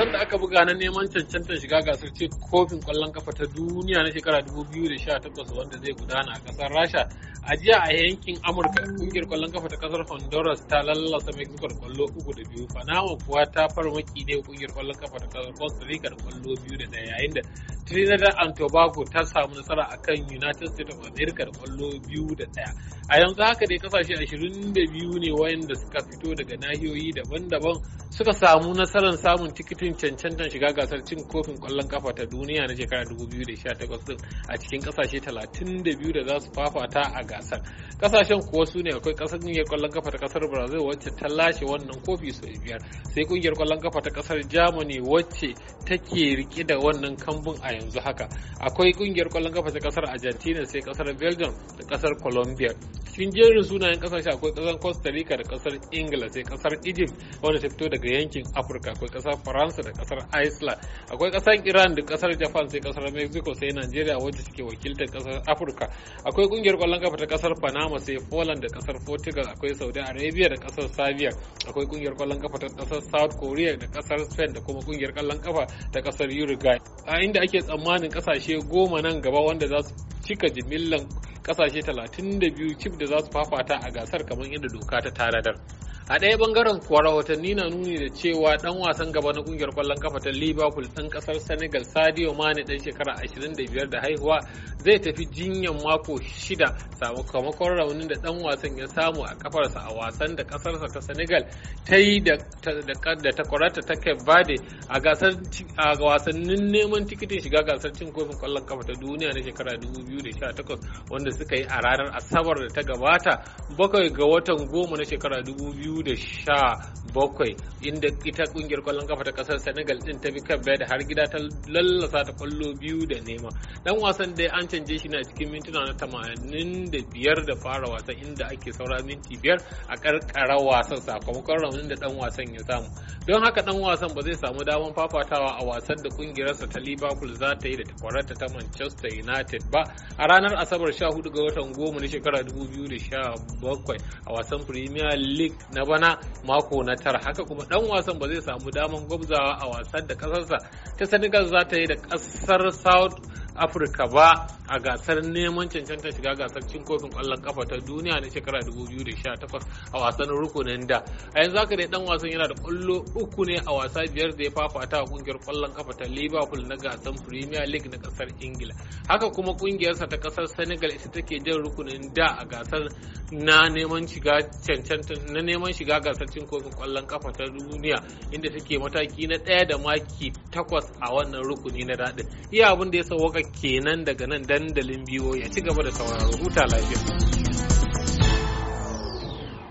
gasar da aka buga na neman cancantar shiga gasar ce kofin kwallon kafa ta duniya na shekara 2018 wanda zai gudana a kasar rasha a jiya a yankin amurka kungiyar kwallon kafa ta kasar honduras ta lallasa mai da kwallo uku da biyu panama kuwa ta farmaki ne kungiyar kwallon kafa ta kasar costa rica da kwallo biyu da daya yayin da trinidad and tobago ta samu nasara akan united states of america da kwallo biyu da daya a yanzu haka dai kasashe 22 ne wayanda suka fito daga nahiyoyi daban-daban suka samu nasarar samun tikitin rashin cancantar shiga gasar cin kofin kwallon kafa ta duniya na shekara 2018 din a cikin kasashe 32 da za su fafata a gasar kasashen kuwa su ne akwai kasar ƙungiyar kwallon kafa ta kasar brazil wacce ta lashe wannan kofi sau biyar sai ƙungiyar kwallon kafa ta kasar germany wacce take rike da wannan kambun a yanzu haka akwai ƙungiyar kwallon kafa ta kasar argentina sai kasar belgium da kasar colombia cikin jerin sunayen kasashe akwai kasar costa rica da kasar ingila sai kasar egypt wanda ta fito daga yankin afirka akwai kasar faransa da kasar iceland akwai kasar iran da kasar japan sai kasar mexico sai nigeria wacce suke wakiltar kasar afirka akwai kungiyar kwallon kafa ta kasar panama sai poland da kasar portugal akwai saudi arabia da kasar serbia akwai kungiyar kwallon kafa ta kasar south korea da kasar spain da kuma kungiyar kwallon kafa ta kasar uruguay a inda ake tsammanin kasashe goma nan gaba wanda za su cika jimillan kasashe 32 cif da za su fafata a gasar kamar yadda doka ta tanadar a ɗaya bangaren kuwa rahotanni na nuni da cewa dan wasan gaba na kungiyar kwallon kafa ta liverpool dan kasar senegal sadio mane dan shekara 25 da haihuwa zai tafi jinyan mako shida sakamakon raunin da dan wasan ya samu a kafarsa a wasan da ƙasarsa ta senegal ta yi da takwarata ta cape verde a wasannin neman tikitin shiga gasar cin kofin kwallon kafa ta duniya na shekara 2018 wanda suka yi a ranar asabar da ta gabata bakwai ga watan goma na shekara 2000 2017 inda ita kungiyar kwallon kafa ta kasar Senegal din ta bi kan da har gida ta lallasa ta kwallo biyu da nema. Dan wasan dai an canje shi na cikin mintuna na 85 da fara wasa inda ake saura minti biyar a karkara wasan sakamakon raunin da dan wasan ya samu. Don haka dan wasan ba zai samu damar fafatawa a wasan da kungiyarsa ta Liverpool za ta yi da takwararta ta Manchester United ba a ranar Asabar 14 ga watan goma na shekara 2017 a wasan Premier League na bana mako na tara haka kuma dan wasan ba zai samu damar gwabzawa a wasan da kasarsa ta Senegal za ta yi da kasar South afirka ba a gasar neman cancanta shiga gasar cin kofin kwallon kafa ta duniya na shekara 2018 a wasan rukunin da a yanzu haka dai dan wasan yana da kwallo uku ne a wasa biyar da ya fafata a kungiyar kwallon kafa ta liverpool na gasar premier league na kasar ingila haka kuma kungiyarsa ta kasar senegal ita take jan rukunin da a gasar na neman shiga cancanta na neman shiga gasar cin kofin kwallon kafa ta duniya inda take mataki na ɗaya da maki takwas a wannan rukuni na daɗin iya abin da ya sauwaka kenan daga nan dandalin biyo ya ci gaba da sauraro huta lafiya.